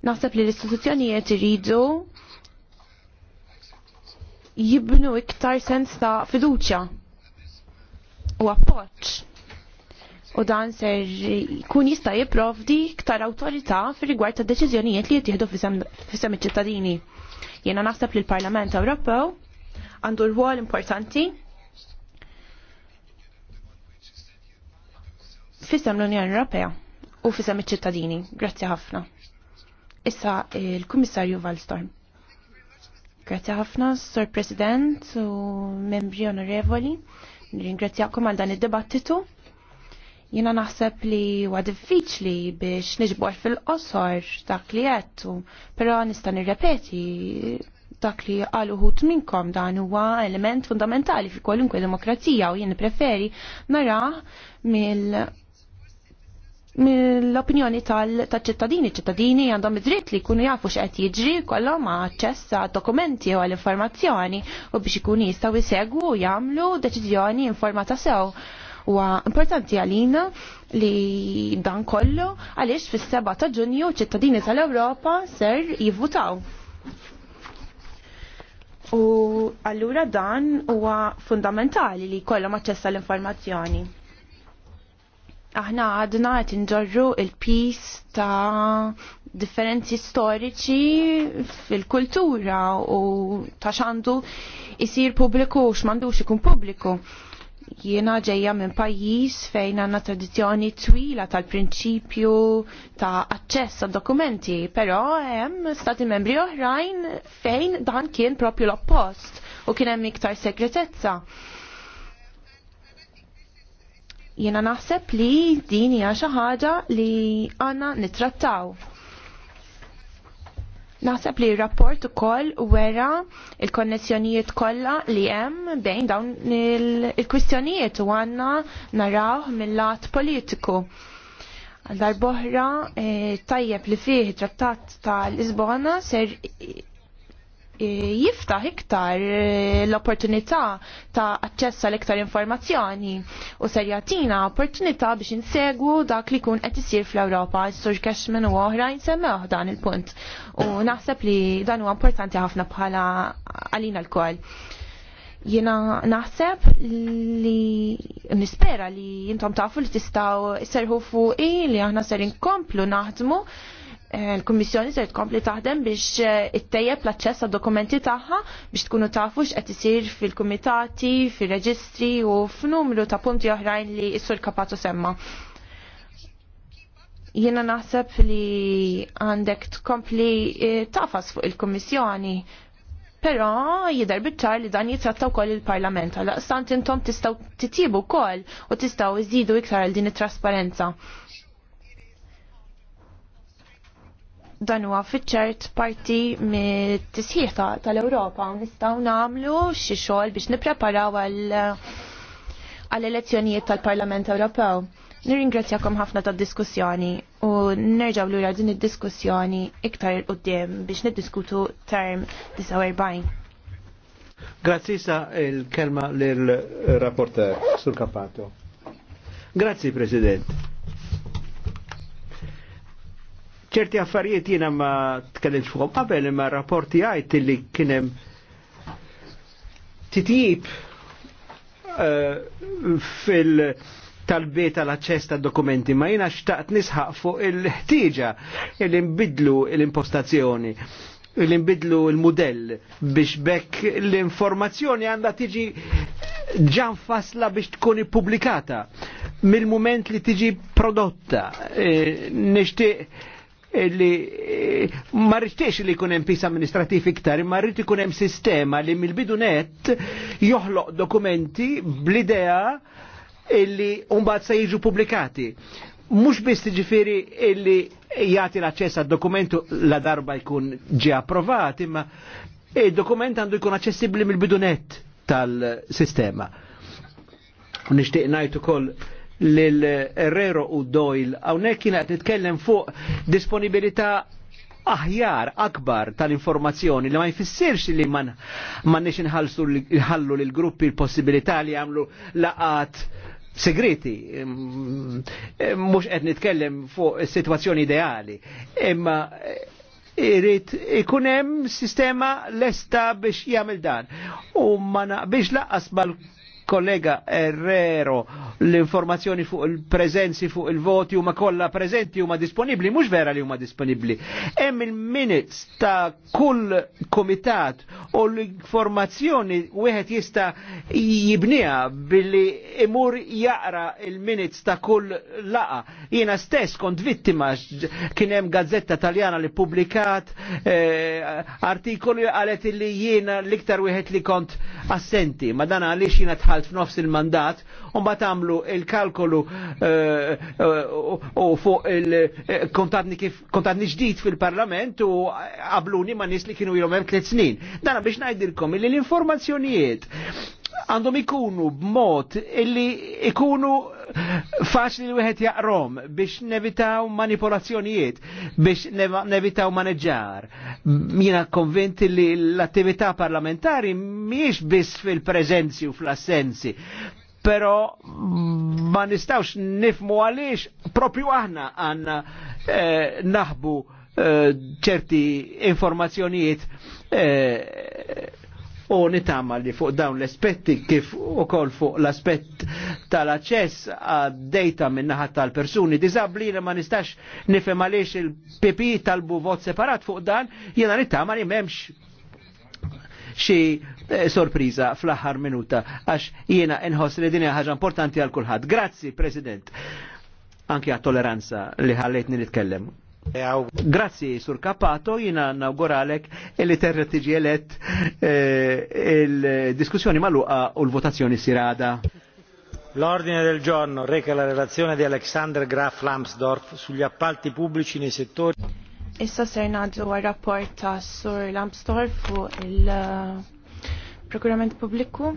Naħseb li l-istituzzjonijiet iridu jibnu iktar sens ta' fiduċja u appoġġ. U dan ser jkun jista' jipprovdi iktar awtorità fir-rigward ta' deċiżjonijiet li jittieħdu fisem iċ-ċittadini. Jiena naħseb li l-Parlament Ewropew għandu rwol importanti fissem l-Unjoni Ewropea u fissam iċ-ċittadini. Grazzi ħafna. Issa il-Kummissarju Valstorm. Grazzi ħafna, Sor President u membri onorevoli. Ringrazzjakom għal dan id-dibattitu. Jena naħseb li huwa diffiċli biex niġbor fil-qosor dak li qed, però nista' nirrepeti dak li għal uħut minnkom dan huwa element fundamentali fi kwalunkwe demokrazija u jien preferi nara mill l-opinjoni tal-ċittadini. ċittadini għandhom id-dritt li jkunu jafu x'qed jiġri kollhom aċċess għal dokumenti u għal informazzjoni u biex ikunu jistgħu jsegwu u jagħmlu deċiżjoni informata sew. Huwa importanti għalina li dan kollu għaliex fis-7 ta' Ġunju ċittadini tal-Ewropa ser jivvutaw. U allura dan huwa fundamentali li jkollhom aċċess għall-informazzjoni aħna għadna għet nġorru il-pis ta' differenzi storiċi fil-kultura u ta' xandu jisir publiku u xmandu ikun publiku. Jiena ġejja minn pajjiż fejn għandna tradizzjoni twila tal-prinċipju ta' aċċess għad dokumenti, però hemm stati membri oħrajn fejn dan kien propju l-oppost u kien hemm iktar segretezza. Jena naħseb li din hija xi ħaġa li għandna nittrattaw. Naħseb li r-rapport ukoll wera il-konnessjonijiet kollha li hemm bejn dawn il-kwistjonijiet u għandna narawh mill-lat politiku. Darboħra eh, tajjeb li fih trattat tal-Lisbona ser jiftaħ iktar eh, l-opportunità ta' aċċessa l iktar informazzjoni u ser opportunità biex insegwu dak li jkun qed isir fl-Ewropa. Sur Cashman u oħra jinsemmeħ dan il-punt. U naħseb li dan huwa importanti ħafna bħala għalina l-koll jena naħseb li nispera li jintom tafu li tistaw serħu fuqi li aħna ser inkomplu naħdmu Eh, l-Kummissjoni se tkompli taħdem biex eh, ittejjeb l-aċċess għad dokumenti tagħha biex tkunu tafu x'qed isir fil-kumitati, fir-reġistri u f'numru ta' punti oħrajn li s-sur kapatu semma. Jiena naħseb li għandek tkompli eh, tafas fuq il-Kummissjoni Però jidher bitċar li dan jitratta wkoll il-Parlament, għal intom tistgħu titjibu wkoll u tistgħu iżidu iktar għal din it-trasparenza. dan huwa fiċċert parti mit-tisħiħ tal-Ewropa u nistgħu nagħmlu xi xogħol biex nippreparaw għall elezzjonijiet tal-Parlament Ewropew. Nirringrazzjakom ħafna tad-diskussjoni u nerġgħu lura din id-diskussjoni iktar qudiem biex niddiskutu term 49. Grazzi sa il-kelma lill rapporter sul Capato. Grazzi President ċerti affarijiet jiena ma tkellimx fuqhom qabel imma rapporti għajt li kien hemm titjib fil eh, fil talbiet tal aċċess tad dokumenti ma jiena xtaqt nisħaq fuq il-ħtieġa li nbidlu l-impostazzjoni li nbidlu l-modell biex bekk l-informazzjoni għandha tiġi ġan fasla biex tkun ippubblikata mill-moment li tiġi prodotta. E, Nixtieq li eh, ma rridx li jkun hemm pis amministrativ iktar, ma rrid ikun hemm sistema li mill-bidu net joħloq dokumenti bl-idea illi mbagħad se jiġu pubblikati. Mhux biss tiġifieri illi jagħti l-aċċess għad-dokumentu la darba jkun ġie approvat, imma il-dokument għandu jkun aċċessibbli mill bidunet tal-sistema. Nixtieq ngħid ukoll l-Herrero u Doyle, għawnek kienet nitkellem fuq disponibilità aħjar akbar tal-informazzjoni li ma jfissirx li man nix nħallu l-gruppi l-possibilità li għamlu laqat segreti, mux qed nitkellem fuq situazzjoni ideali, imma eh, irrit ikunem sistema lesta biex jagħmel dan. U ma biex laqas mal kollega Herrero l-informazzjoni fuq il-prezenzi fuq il-voti huma kollha preżenti huma disponibbli, mhux vera li huma disponibbli. Hemm il-minutes ta' kull komitat u l-informazzjoni wieħed jista' jibniha billi imur jaqra il-minutes ta' kull laqa. Jiena stess kont vittima kien hemm gazzetta taljana li publikat eh, artikolu qalet li jiena l-iktar wieħed li kont assenti, ma dan għaliex jiena għalt f'nofs il-mandat, un bat għamlu il-kalkolu eh, eh, u fuq il-kontatni eh, ġdid fil-parlament u għabluni ma' nis li kienu hemm tliet snin. Dana biex najdilkom li l-informazzjonijiet għandhom ikunu b'mod illi ikunu faċli li wieħed jaqrom biex nevitaw manipolazzjonijiet, biex nevitaw maneġġar. Jiena konvinti li l-attività parlamentari mhijiex biss fil-preżenzi u fl-assenzi, pero ma nistawx nifmu għaliex propju aħna għanna eh, naħbu eh, ċerti eh, informazzjonijiet eh, u nitama li fuq dawn l-aspetti kif ukoll fuq l-aspett tal-aċċess għad-data minnaħa tal-persuni diżabbli li ma nistax nifem għaliex il-PP talbu vot separat fuq dan jiena nitama li m'hemmx xi eh, sorpriża fl-aħħar minuta għax jiena inħoss li dinja ħaġa importanti għal kulħadd. Grazzi, President anki għat toleranza li ħallejtni nitkellem. Grazzi, Sur Kapato, jina nawguralek li terra tiġi elett eh, il-diskussjoni maluqa u l-votazzjoni sirada. L'ordine del giorno reca la relazione di Alexander Graf Lambsdorff sugli appalti pubblici nei settori. Issa ser nagħdu għal rapport ta' Sur Lambsdorff u il-Prokurament eh, Pubbliku.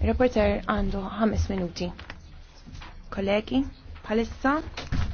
Reporter għandu 5 minuti. Kollegi, palissa.